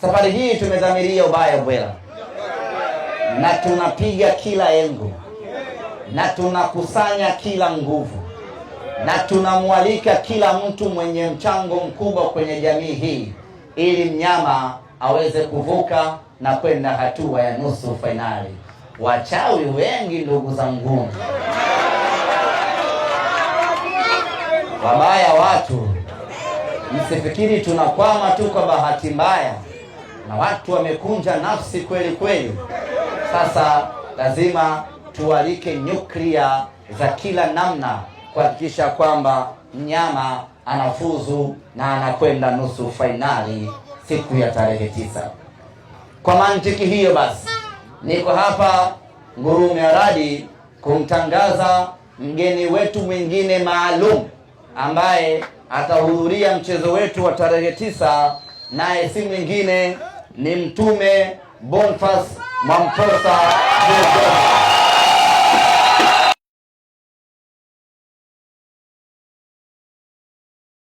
Safari hii tumedhamiria ubaya bwela, na tunapiga kila engo, na tunakusanya kila nguvu, na tunamwalika kila mtu mwenye mchango mkubwa kwenye jamii hii ili mnyama aweze kuvuka na kwenda hatua ya nusu fainali. Wachawi wengi, ndugu zangu, wabaya watu, msifikiri tunakwama tu kwa bahati mbaya na watu wamekunja nafsi kweli kweli. Sasa lazima tualike nyuklia za kila namna kuhakikisha kwamba mnyama anafuzu na anakwenda nusu fainali siku ya tarehe tisa. Kwa mantiki hiyo basi, niko hapa Ngurume Radi kumtangaza mgeni wetu mwingine maalum ambaye atahudhuria mchezo wetu wa tarehe tisa, naye si mwingine ni Mtume Bonfas Boniface Mwamposa.